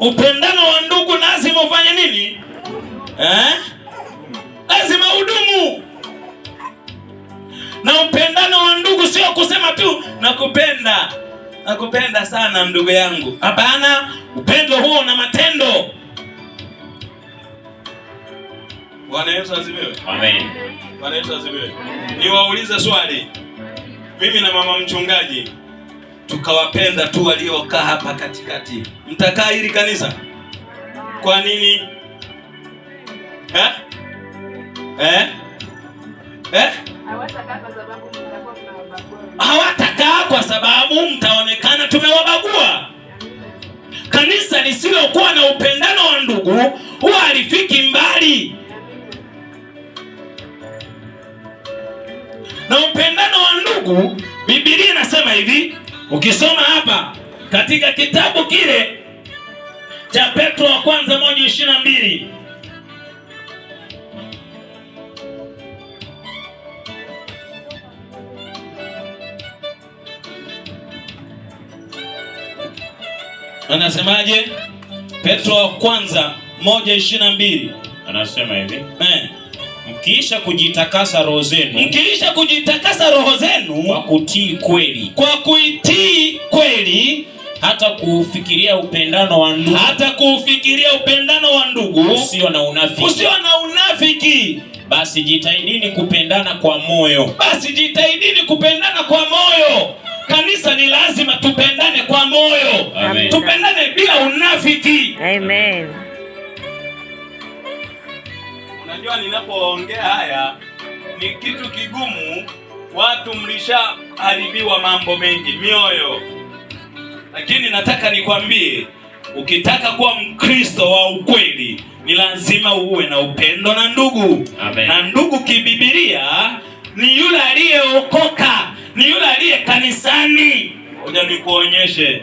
Upendano wa ndugu lazima ufanye nini eh? Lazima udumu. Na upendano wa ndugu sio kusema tu nakupenda, nakupenda sana ndugu yangu. Hapana, upendo huo na matendo. Bwana Yesu asifiwe. Amen. Bwana Yesu asifiwe. Niwaulize swali, mimi na mama mchungaji tukawapenda tu waliokaa hapa katikati. Mtakaa hili kanisa kwa nini eh? Eh? Eh? Hawatakaa kwa sababu mtaonekana tumewabagua. Kanisa lisilokuwa na upendano wa ndugu huwa halifiki mbali, na upendano wa ndugu, Biblia inasema hivi Ukisoma hapa katika kitabu kile cha Petro wa kwanza moja ishirini na mbili anasemaje? Petro wa kwanza moja ishirini na mbili anasema hivi eh mkiisha kujitakasa roho zenu, mkiisha kujitakasa roho zenu kwa kutii kweli, kwa kuitii kweli hata kufikiria upendano wa ndugu, hata kufikiria upendano wa ndugu usio na unafiki, usio na unafiki. Basi jitahidini kupendana kwa moyo, basi jitahidini kupendana kwa moyo. Kanisa ni lazima tupendane kwa moyo, Amen. Tupendane bila unafiki, Amen. Najua ninapoongea haya ni kitu kigumu, watu mlishaharibiwa mambo mengi mioyo, lakini nataka nikwambie, ukitaka kuwa Mkristo wa ukweli ni lazima uwe na upendo na ndugu. Amen. Na ndugu kibibilia ni yule aliyeokoka, ni yule aliye kanisani. Ngoja nikuonyeshe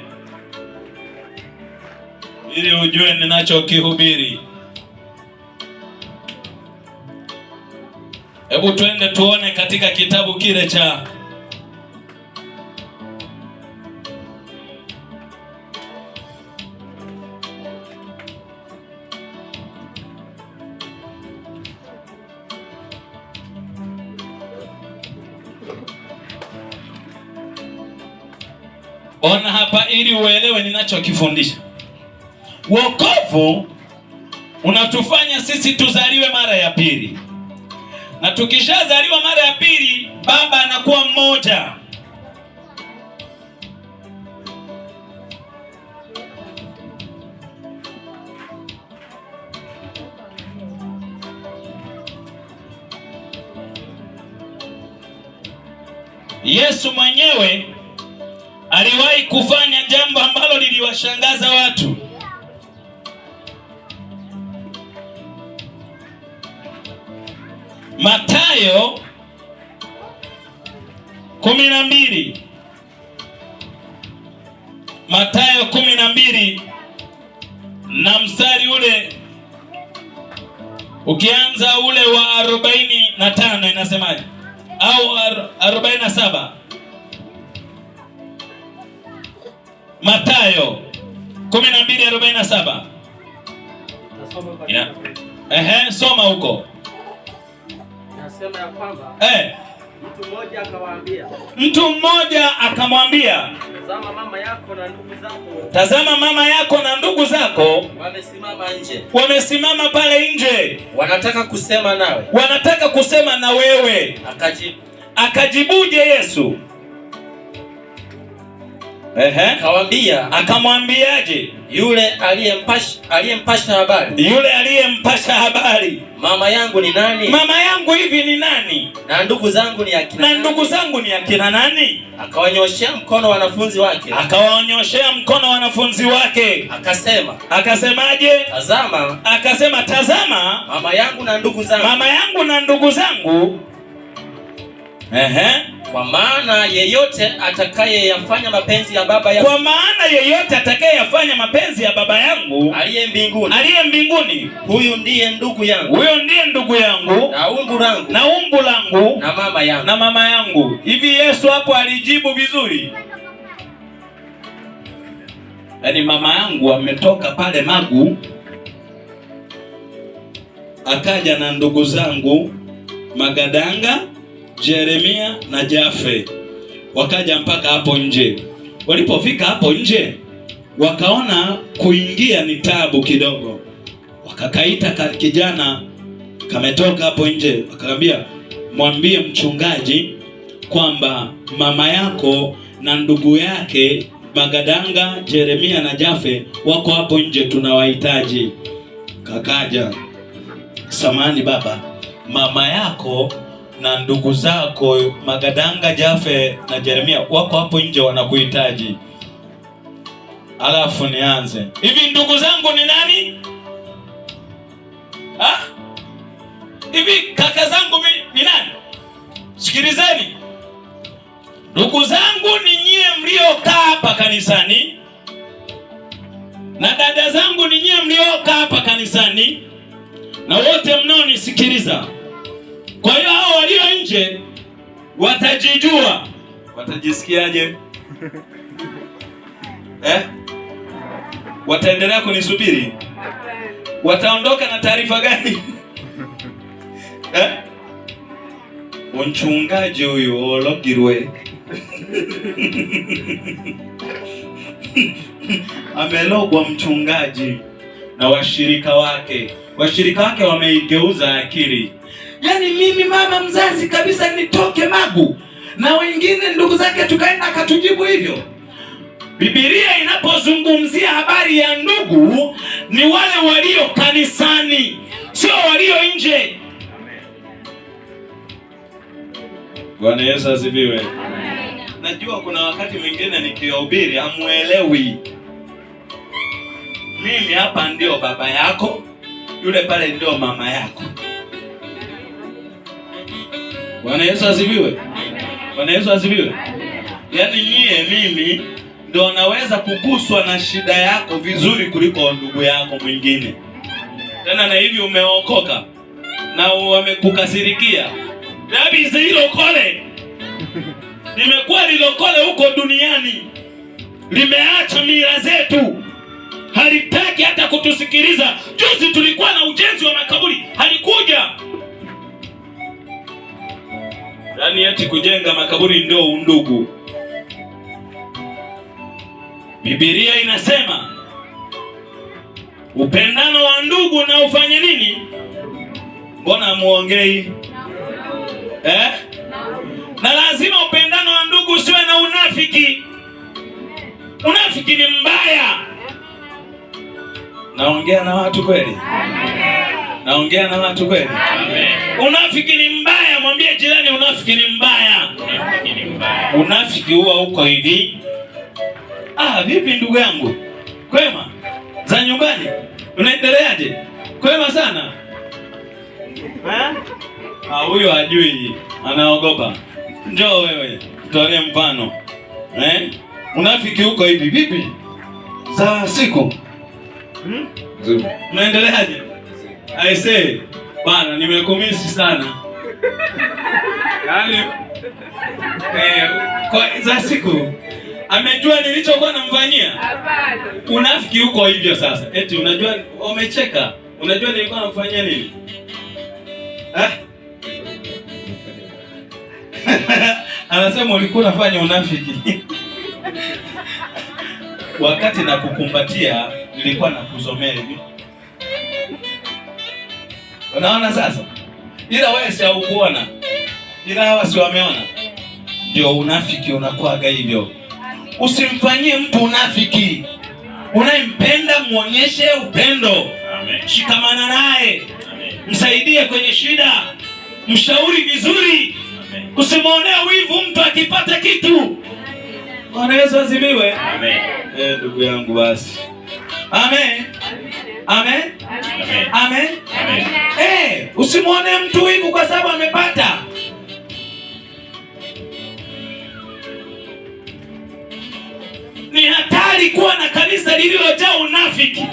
ili ujue ninachokihubiri. Hebu twende tuone katika kitabu kile cha Ona hapa ili uelewe ninachokifundisha. Wokovu unatufanya sisi tuzaliwe mara ya pili na tukishazaliwa mara ya pili baba anakuwa mmoja. Yesu mwenyewe aliwahi kufanya jambo ambalo liliwashangaza watu. Mathayo kumi na mbili Mathayo kumi na mbili na mstari ule ukianza ule wa arobaini na tano inasemaje? Au arobaini na saba Mathayo kumi na mbili arobaini na saba Ehe, soma huko. Anasema ya kwamba eh, mtu mmoja akawaambia, mtu mmoja akamwambia, tazama mama yako na ndugu zako, tazama mama yako na ndugu zako wamesimama nje, wamesimama pale nje, wanataka kusema nawe, wanataka kusema na wewe. Akajibu, akajibuje Yesu? Ehe. Kawambia, akamwambiaje? Yule aliyempasha aliyempasha habari, yule aliyempasha habari, mama yangu ni nani? Mama yangu hivi ni nani? Na ndugu zangu ni akina na ndugu zangu ni akina nani? Akawanyoshea mkono wanafunzi wake, akawanyoshea mkono wanafunzi wake, akasema akasemaje? Tazama, akasema tazama, mama yangu na ndugu zangu, mama yangu na ndugu zangu. Ehe. Kwa maana yeyote atakayeyafanya mapenzi ya baba yangu, kwa maana yeyote atakayeyafanya mapenzi ya baba yangu aliye mbinguni, aliye mbinguni, huyu ndiye ndugu yangu, huyo ndiye ndugu yangu na umbu langu, na umbu langu na mama yangu, na mama yangu. Hivi Yesu hapo alijibu vizuri? Yaani mama yangu ametoka pale Magu akaja na ndugu zangu Magadanga Jeremia na Jafe wakaja mpaka hapo nje. Walipofika hapo nje, wakaona kuingia ni tabu kidogo, wakakaita kijana kametoka hapo nje, wakaambia mwambie mchungaji kwamba mama yako na ndugu yake Magadanga, Jeremia na Jafe wako hapo nje, tunawahitaji. Kakaja, samani baba, mama yako na ndugu zako Magadanga, Jafe na Jeremia wako hapo nje wanakuhitaji. Alafu nianze hivi, ndugu zangu ni nani ha? Hivi kaka zangu ni nani? Sikilizeni ndugu zangu, ni nyie mliokaa hapa kanisani na dada zangu ni nyie mliokaa hapa kanisani na wote mnaonisikiliza kwa hiyo hao walio nje watajijua, watajisikiaje? Eh? Wataendelea kunisubiri? Wataondoka na taarifa gani? Eh? Mchungaji huyu ologirwe amelogwa mchungaji na washirika wake, washirika wake wameigeuza akili. Yaani mimi mama mzazi kabisa nitoke magu, na wengine ndugu zake tukaenda akatujibu hivyo. bibilia inapozungumzia habari ya ndugu ni wale walio kanisani, sio walio nje. Bwana Yesu asifiwe. Najua kuna wakati mwingine nikiwahubiri hamuelewi. Mimi hapa ndio baba yako, yule pale ndio mama yako. Bwana Yesu asifiwe. Bwana Yesu asifiwe. Yaani nyie mimi ndo naweza kuguswa na shida yako vizuri kuliko ndugu yako mwingine. Tena na hivi umeokoka na wamekukasirikia. Dabi zilokole. Nimekuwa lilokole huko duniani. Limeacha mila zetu. Halitaki hata kutusikiliza. Juzi tulikuwa na ujenzi wa makaburi, halikuja yaani eti kujenga makaburi ndio undugu. Biblia inasema upendano wa ndugu na ufanye nini? Mbona muongei eh? Na lazima upendano wa ndugu usiwe na unafiki. Unafiki ni mbaya. Naongea na watu kweli? Naongea na watu kweli? Unafiki ni Mwambie jirani unafiki ni mbaya. Unafiki huwa uko hivi. Ah, vipi ndugu yangu? Kwema za nyumbani, unaendeleaje? Kwema sana. Eh? Ah, huyo hajui, anaogopa. Njoo wewe tutolee mfano eh? Unafiki huko hivi. Vipi za siku hmm? Unaendeleaje? Aisee bana, nimekumisi sana yaani eh, kwa za siku amejua nilichokuwa namfanyia. Unafiki huko hivyo sasa, eti unajua umecheka, unajua nilikuwa namfanyia nini eh? Anasema ulikuwa unafanya unafiki wakati na kukumbatia nilikuwa nakusomea hivi. Unaona sasa, ila wewe si haukuona ila hawa si wameona. Ndio unafiki unakuwaga hivyo. Usimfanyie mtu unafiki, unayempenda muonyeshe upendo, shikamana naye, msaidie kwenye shida, mshauri vizuri, usimwonea wivu mtu akipata kitu. Bwana Yesu azibiwe. Amen. Eh, ndugu yangu basi. Amen. Amen. Amen. Amen. Eh, usimwonee mtu wivu kwa sababu amepata ni hatari kuwa na kanisa lililojaa unafiki.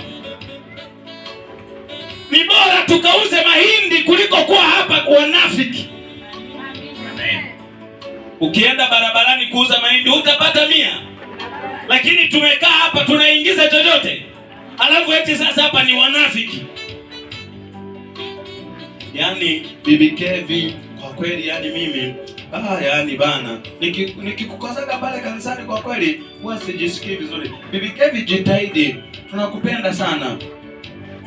Ni bora tukauze mahindi kuliko kuwa hapa kwa unafiki. Ukienda barabarani kuuza mahindi utapata mia, lakini tumekaa hapa tunaingiza chochote, alafu eti sasa hapa ni wanafiki. Yaani bibi Kevi, kwa kweli, yani mimi ah, yaani bana, nikikukosaga niki pale kanisani, kwa kweli huwa sijisikii vizuri. Bibi Kevi, jitahidi, tunakupenda sana.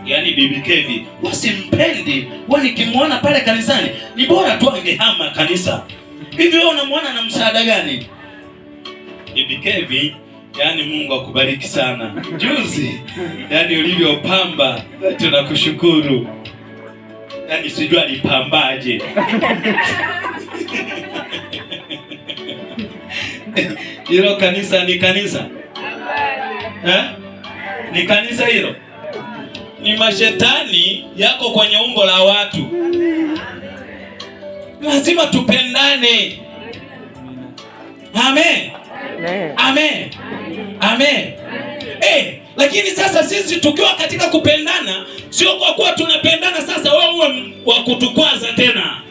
Yaani Bibi Kevi wasimpendi, huwa nikimwona pale kanisani ni bora tu angehama kanisa. Hivi wewe unamwona na msaada gani Bibi Kevi? Yaani Mungu akubariki sana. Juzi yaani ulivyopamba, tunakushukuru. Yaani sijua alipambaje hilo kanisa ni kanisa eh? Ni kanisa hilo, ni mashetani yako kwenye umbo la watu. Lazima tupendane. Amen. Amen. Amen. Eh, lakini sasa sisi tukiwa katika kupendana, sio kwa kuwa tunapendana sasa wewe wa kutukwaza tena